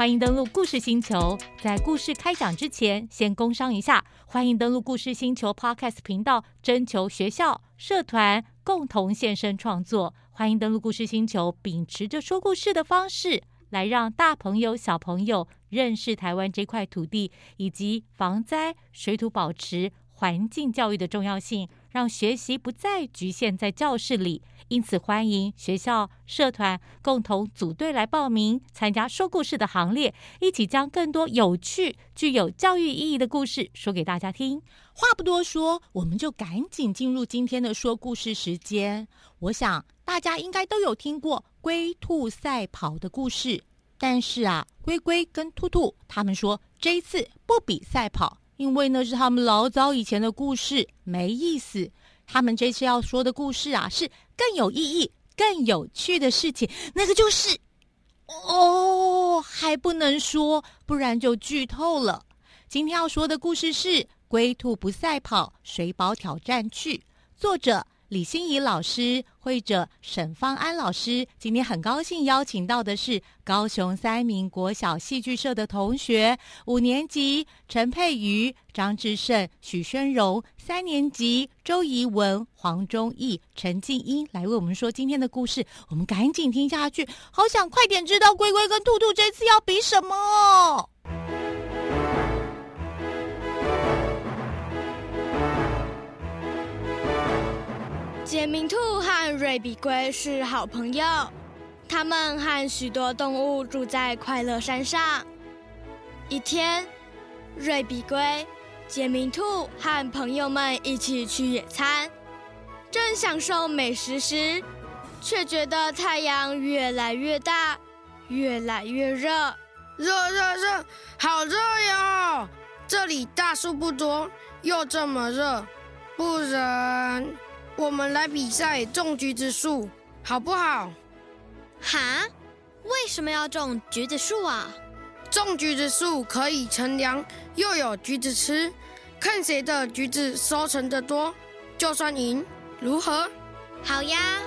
歡迎登錄故事星球。在故事開講之前，先工商一下：歡迎登錄故事星球 Podcast 頻道，徵求學校、社團共同現身創作。歡迎登錄故事星球，秉持着說故事的方式來讓大朋友、小朋友認識台灣這塊土地，以及防災、水土保持、環境教育的重要性。讓學習不再局限在教室裡，因此歡迎學校、社團共同組隊來報名參加說故事的行列，一起將更多有趣、具有教育意義的故事說給大家聽。話不多說，我們就趕緊進入今天的說故事時間。我想大家應該都有聽過龜兔賽跑的故事，但是啊，龜龜跟兔兔他們說這一次不比賽跑。因為那是他們老早以前的故事，沒意思。他們這次要說的故事啊，是更有意義、更有趣的事情。那個就是，哦，還不能說，不然就劇透了。今天要說的故事是《龜兔不賽跑，水保挑戰趣》，作者，李心怡老師，繪者沈芳安老師，今天很高興邀請到的是高雄三民國小戲劇社的同學，五年級陳沛妤、張智勝、許軒蓉，三年級周宜妏、黃中邑、陳敬茵。來為我們說今天的故事。我們趕緊聽下去，好想快點知道龜龜跟兔兔這次要比什麼。哦！杰明兔和瑞比龜是好朋友，他們和許多動物住在快樂山上。一天，瑞比龜、杰明兔和朋友們一起去野餐，正享受美食時，卻覺得太陽越來越大，越來越熱，熱熱熱，好熱呀！這裡大樹不多，又這麼熱，不然。我們來比賽種橘子樹，好不好？哈，為什麼要種橘子樹啊？種橘子樹可以乘涼，又有橘子吃，看誰的橘子收成的多，就算贏，如何？好呀。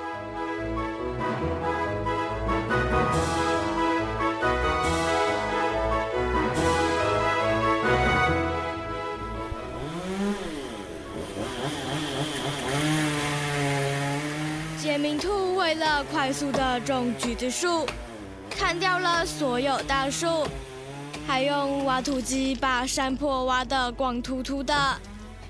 傑明兔為了快速的種橘子樹，砍掉了所有大樹，還用挖土機把山坡挖得光禿禿的。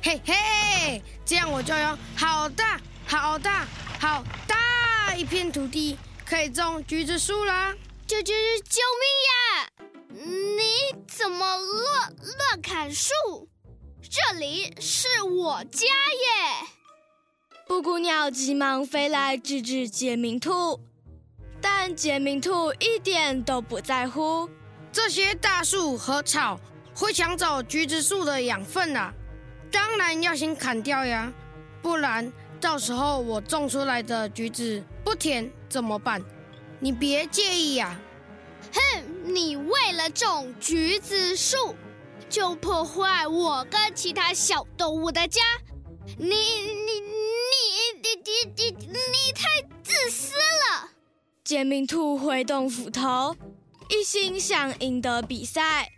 嘿嘿，這樣我就有好大好大好大一片土地可以種橘子樹啦！這就是救命呀！你怎麼亂亂砍樹？這裡是我家耶！布穀鳥急忙飛來制止傑明兔，但傑明兔一點都不在乎。這些大樹和草會搶走橘子樹的養分啊！當然要先砍掉呀，不然到時候我種出來的橘子不甜怎麼辦？你別介意啊！哼，你為了種橘子樹，就破壞我跟其他小動物的家。你你。你你你你你，你太自私了！傑明兔揮動斧頭，一心想贏得比賽，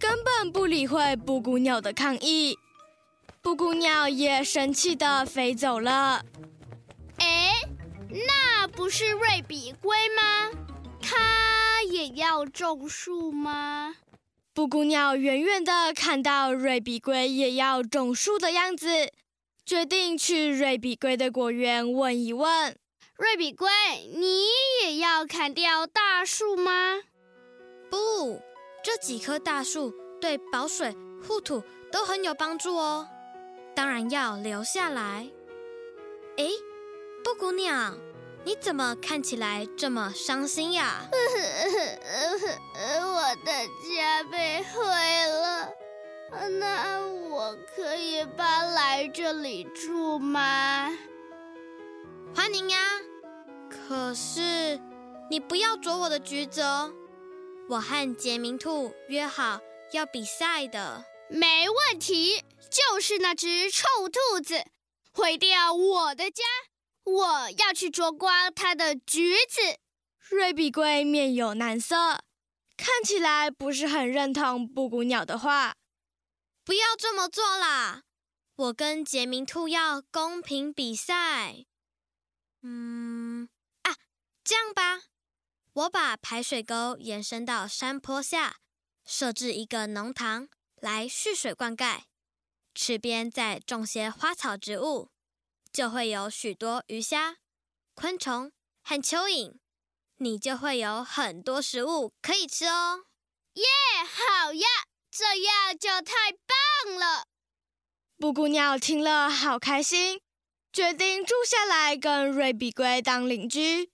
根本不理會布穀鳥的抗議。布穀鳥也生氣的飛走了。哎，那不是瑞比龜嗎？他也要種樹嗎？布穀鳥遠遠的看到瑞比龜也要種樹的樣子。決定去瑞比龜的果園問一問。瑞比龜，你也要砍掉大樹嗎？不，這幾棵大樹對保水、護土都很有幫助哦。當然要留下來。哎，布谷鳥，你怎麼看起來這麼傷心呀？ 我的家被毀了。那我可以搬來這裡住嗎？歡迎呀！可是你不要啄我的橘子哦，我和傑明兔約好要比賽的。沒問題，就是那隻臭兔子，毀掉我的家，我要去啄光它的橘子。瑞比龜面有難色，看起來不是很認同布穀鳥的話。不要這麼做啦！我跟傑明兔要公平比賽。嗯啊，這樣吧，我把排水溝延伸到山坡下，設置一個農塘來蓄水灌溉，池邊再種些花草植物，就會有許多魚蝦、昆蟲和蚯蚓，你就會有很多食物可以吃哦。耶，好呀。這樣就太棒了！布穀鳥聽了好開心，決定住下來跟瑞比龜當鄰居。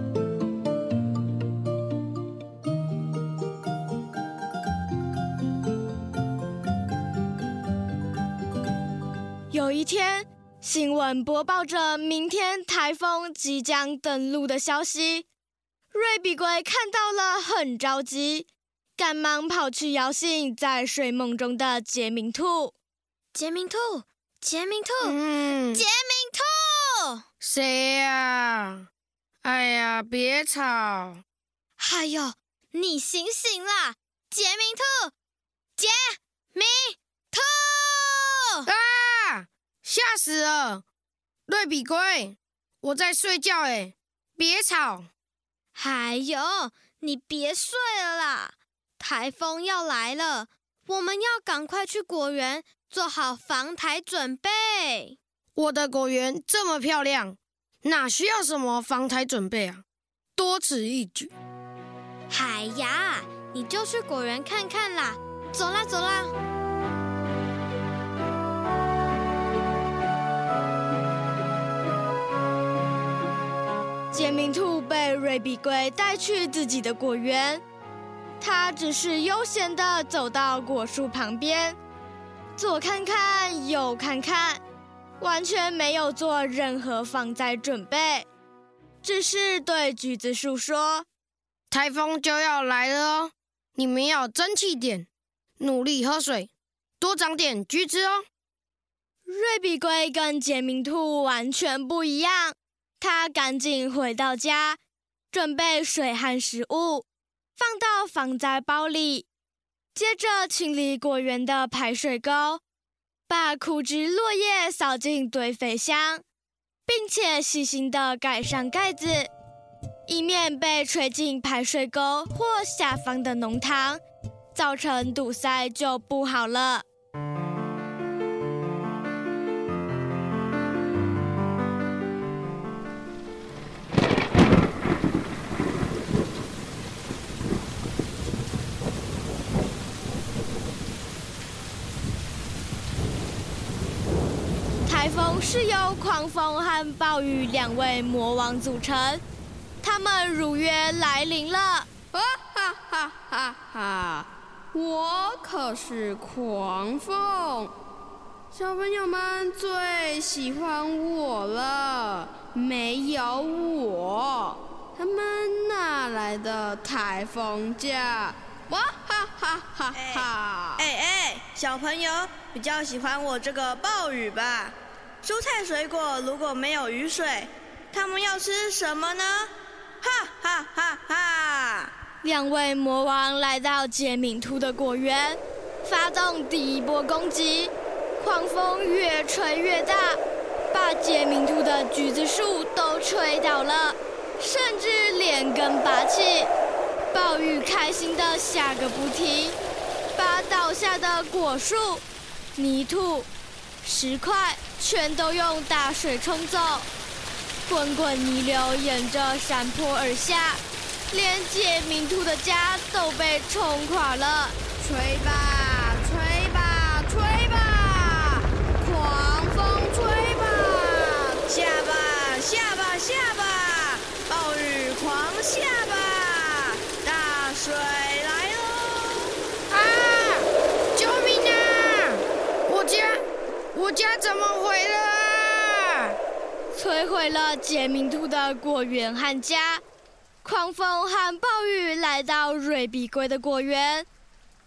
有一天，新聞播報着明天颱風即將登陸的消息。瑞比龜看到了，很着急，趕忙跑去搖醒在睡夢中的傑明兔。傑明兔，傑明兔，嗯、傑明兔，誰呀、啊？哎呀，別吵！還有，你醒醒啦，傑明兔，傑明兔，啊，嚇死了！瑞比龜，我在睡覺誒，別吵。哎呦，你別睡了啦！颱風要來了，我們要趕快去果園做好防台準備。我的果園這麼漂亮，哪需要什麼防台準備啊？多此一舉。哎呀，你就去果園看看啦，走啦，走啦。瑞比龜帶去自己的果園，它只是悠閒地走到果樹旁邊，左看看，右看看，完全沒有做任何防災準備，只是對橘子樹說：“台風就要來了哦，你們要爭氣點，努力喝水，多長點橘子哦。”瑞比龜跟杰明兔完全不一樣，它趕緊回到家，準備水和食物，放到防災包裡。接着清理果園的排水溝，把枯枝落葉掃進堆肥箱，並且細心地蓋上蓋子，以免被吹進排水溝或下方的農塘，造成堵塞就不好了。狂風和暴雨兩位魔王組成，他們如約來臨了。哇哈哈哈哈！我可是狂風，小朋友們最喜歡我了。沒有我，他們哪來的台風假？哇哈哈哈哈！哎哎，哎，小朋友比較喜歡我這個暴雨吧？蔬菜水果如果沒有雨水，他們要吃什麼呢？哈哈哈哈！兩位魔王來到杰明兔的果園，發動第一波攻擊。狂風越吹越大，把杰明兔的橘子樹都吹倒了，甚至連根拔起。暴雨開心的下個不停，把倒下的果樹、泥土、石塊。全都用大水沖走，滾滾泥流沿着山坡而下，連傑明兔的家都被沖垮了，吹吧。了傑明兔的果園和家，狂風和暴雨來到瑞比龜的果園，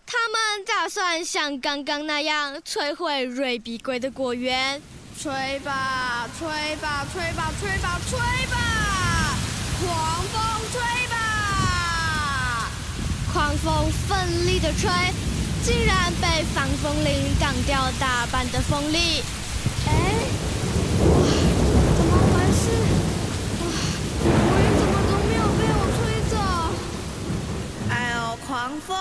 他們打算像剛剛那樣摧毀瑞比龜的果園。吹吧，吹吧，吹吧，吹吧，吹吧！狂風吹吧！狂風奮力的吹，竟然被防風林擋掉大半的風力。狂風，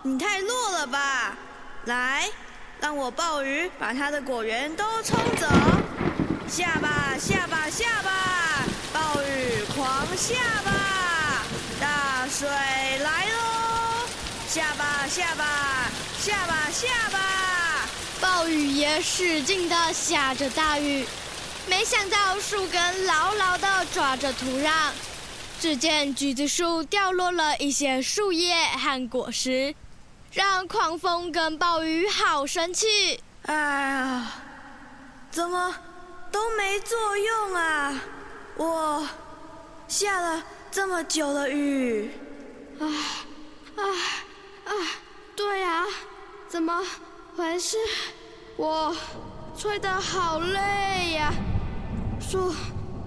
你太弱了吧！來，讓我暴雨把它的果園都沖走。下吧下吧下吧，暴雨狂下吧，大水來嘍！下吧下吧下吧下吧，暴雨也使勁地下着大雨。沒想到樹根牢牢地抓着土壤。只見橘子樹掉落了一些樹葉和果實，讓狂風跟暴雨好生氣。哎呀，怎麼都沒作用啊！我下了這麼久的雨，啊啊啊！對呀，怎麼回事？我吹得好累呀。樹，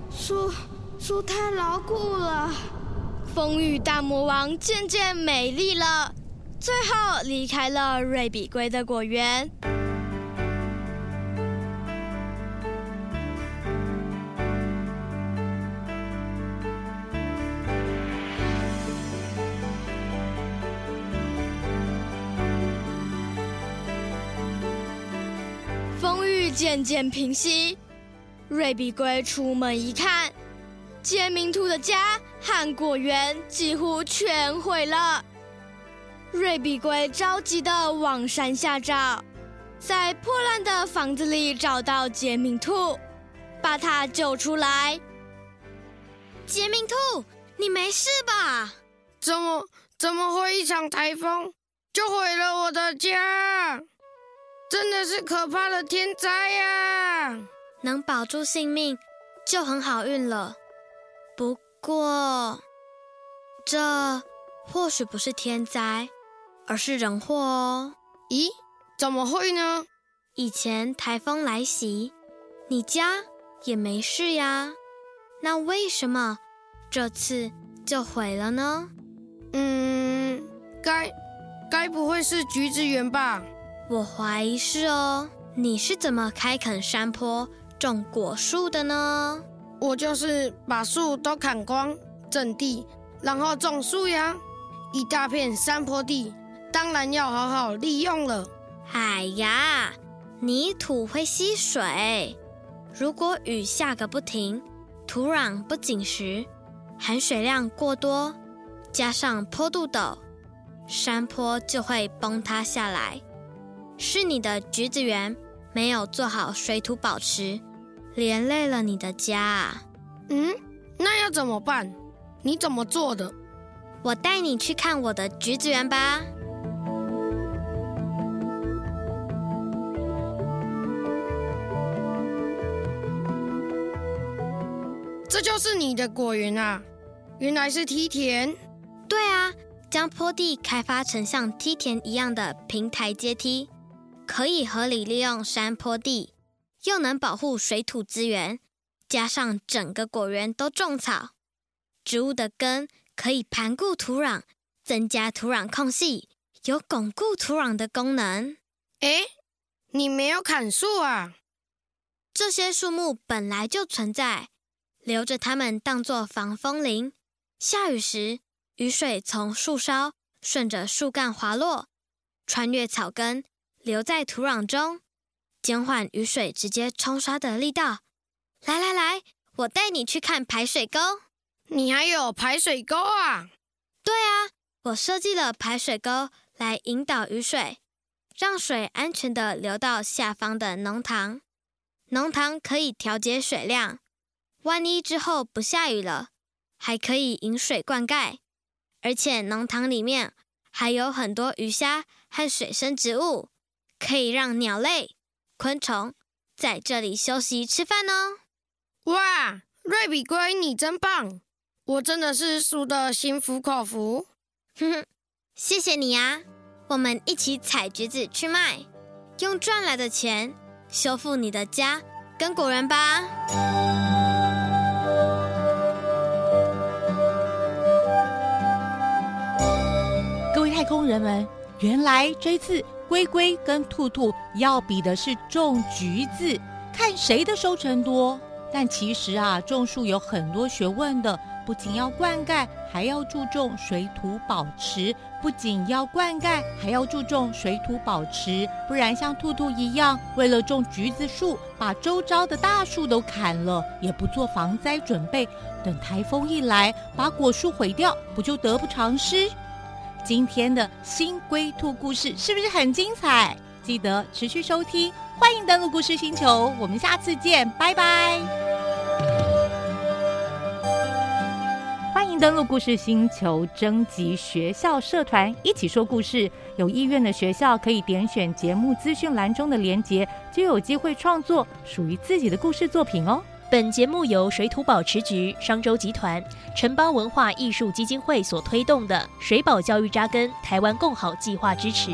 樹。樹太牢固了，風雨大魔王漸漸美麗了，最後離開了瑞比龜的果園。風雨漸漸平息，瑞比龜出門一看，傑明兔的家和果園幾乎全毀了。瑞比龜着急的往山下找，在破爛的房子裡找到傑明兔，把他救出來。傑明兔，你沒事吧？怎麼怎麼會一場颱風就毀了我的家？真的是可怕的天災呀！能保住性命就很好運了。不過，這或許不是天災，而是人禍哦。咦，怎麼會呢？以前台風來襲，你家也沒事呀。那為什麼這次就毀了呢？嗯，該該不會是橘子園吧？我懷疑是哦。你是怎麼開墾山坡種果樹的呢？我就是把樹都砍光，整地，然後種樹呀。一大片山坡地，當然要好好利用了。哎呀，泥土會吸水，如果雨下個不停，土壤不緊實，含水量過多，加上坡度陡，山坡就會崩塌下來。是你的橘子園，沒有做好水土保持。連累了你的家啊，嗯，那要怎麼辦？你怎麼做的？我帶你去看我的橘子園吧。這就是你的果園啊！原來是梯田。對啊，將坡地開發成像梯田一樣的平台階梯，可以合理利用山坡地。又能保護水土資源，加上整個果園都種草，植物的根可以盤固土壤，增加土壤空隙，有鞏固土壤的功能。哎，你沒有砍樹啊？這些樹木本來就存在，留着它們當做防風林。下雨時，雨水從樹梢順着樹幹滑落，穿越草根，留在土壤中。減緩雨水直接沖刷的力道。來來來，我帶你去看排水溝。你還有排水溝啊？對啊，我設計了排水溝來引導雨水，讓水安全的流到下方的農塘。農塘可以調節水量，萬一之後不下雨了，還可以引水灌溉。而且農塘裡面還有很多魚蝦和水生植物，可以讓鳥類。昆蟲在這裡休息吃飯哦。哇，瑞比龜，你真棒！我真的是輸得心服口服。哼哼，謝謝你啊！我們一起採橘子去賣，用賺來的錢修復你的家跟果園吧。各位太空人們，原來這一次，龜龜跟兔兔要比的是種橘子，看誰的收成多。但其實啊，種樹有很多學問的，不僅要灌溉，還要注重水土保持。不僅要灌溉，還要注重水土保持，不然像兔兔一樣，為了種橘子樹，把周遭的大樹都砍了，也不做防災準備，等台風一來，把果樹毀掉，不就得不償失？今天的新龜兔故事是不是很精彩？記得持續收聽，歡迎登錄故事星球，我們下次見，拜拜！歡迎登錄故事星球，徵集學校社團一起說故事，有意願的學校可以點選節目資訊欄中的連結，就有機會創作屬於自己的故事作品哦。本節目由水土保持局、商周集團、城邦文化藝術基金會所推動的“水保教育扎根台灣共好計劃”支持。